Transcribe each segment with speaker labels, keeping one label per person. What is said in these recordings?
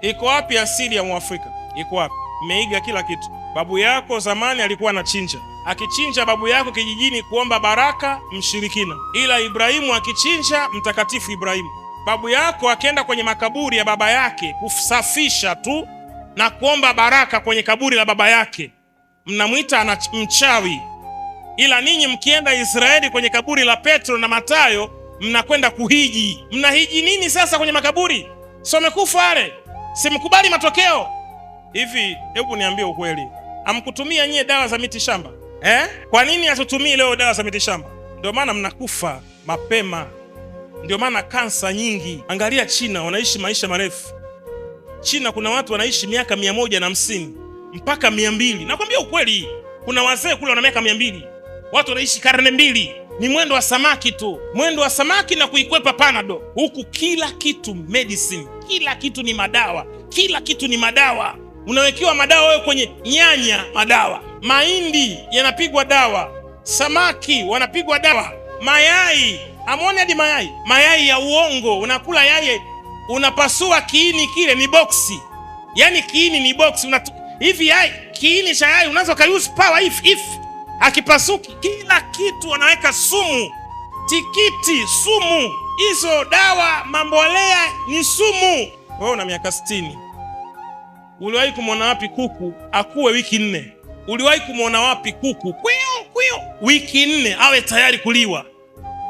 Speaker 1: Iko wapi asili ya Mwafrika? Iko wapi? Mmeiga kila kitu. Babu yako zamani alikuwa anachinja, akichinja babu yako kijijini kuomba baraka, mshirikina. Ila Ibrahimu akichinja, mtakatifu Ibrahimu. Babu yako akienda kwenye makaburi ya baba yake kusafisha tu na kuomba baraka kwenye kaburi la baba yake, mnamwita mchawi. Ila ninyi mkienda Israeli kwenye kaburi la Petro na Matayo, mnakwenda kuhiji. Mnahiji nini sasa kwenye makaburi? Somekufa wale simkubali matokeo. Hivi hebu niambie ukweli, amkutumia nyie dawa za miti shamba eh? Kwa nini hatutumii leo dawa za miti shamba? Ndio maana mnakufa mapema, ndio maana kansa nyingi. Angalia China, wanaishi maisha marefu. China kuna watu wanaishi miaka mia moja na hamsini mpaka mia mbili. Nakwambia ukweli, kuna wazee kule wana miaka mia mbili, watu wanaishi karne mbili. Ni mwendo wa samaki tu, mwendo wa samaki na kuikwepa panado, huku kila kitu medicine kila kitu ni madawa, kila kitu ni madawa. Unawekewa madawa wewe kwenye nyanya, madawa. Mahindi yanapigwa dawa, samaki wanapigwa dawa, mayai. Amwone hadi mayai, mayai ya uongo. Unakula yai, unapasua kiini, kile ni boksi, yani kiini ni boksi. Unatu... hivi yai, kiini cha yai unaweza kaiusi pawa hivi hivi, akipasuki. Kila kitu wanaweka sumu tikiti sumu. Hizo dawa mambolea ni sumu. Wewe una miaka 60 uliwahi kumwona wapi kuku akuwe wiki nne? Uliwahi kumwona wapi kuku kwio kwio wiki nne awe tayari kuliwa?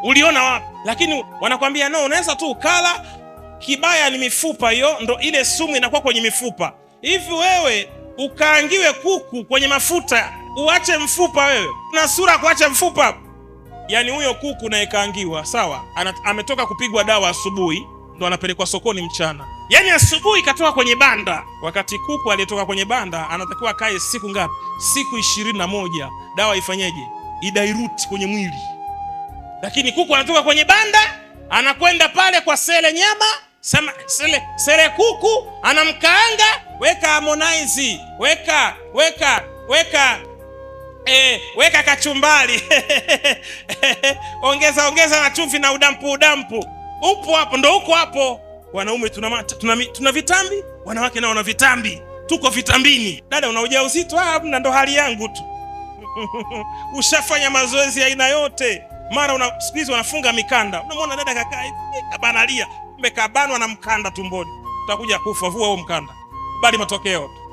Speaker 1: Uliona wapi? Lakini wanakwambia no, unaweza tu ukala. Kibaya ni mifupa hiyo, ndo ile sumu inakuwa kwenye mifupa. Hivi wewe ukaangiwe kuku kwenye mafuta uache mfupa wewe? Una sura kuacha mfupa? yani huyo kuku nayekaangiwa sawa, ametoka kupigwa dawa asubuhi, ndo anapelekwa sokoni mchana. yani asubuhi katoka kwenye banda, wakati kuku aliyetoka kwenye banda anatakiwa akae siku ngapi? Siku ishirini na moja, dawa ifanyeje? Idairuti kwenye mwili. Lakini kuku anatoka kwenye banda anakwenda pale kwa sele nyama Sama, sele, sele kuku anamkaanga, weka Harmonize, weka weka weka E, weka kachumbali ongeza ongeza na chumvi na udampu udampu, upo hapo, ndo uko hapo. Wanaume tuna, tuna, tuna vitambi, wanawake nao wana vitambi, tuko vitambini. Dada una ujauzito? Ah, hamna, ndo hali yangu tu ushafanya mazoezi aina yote, mara siku hizi wanafunga mikanda, unamwona dada kakaa eh, kabanalia, mekabanwa na mkanda tumboni, utakuja kufa. Vua huo mkanda, bali matokeo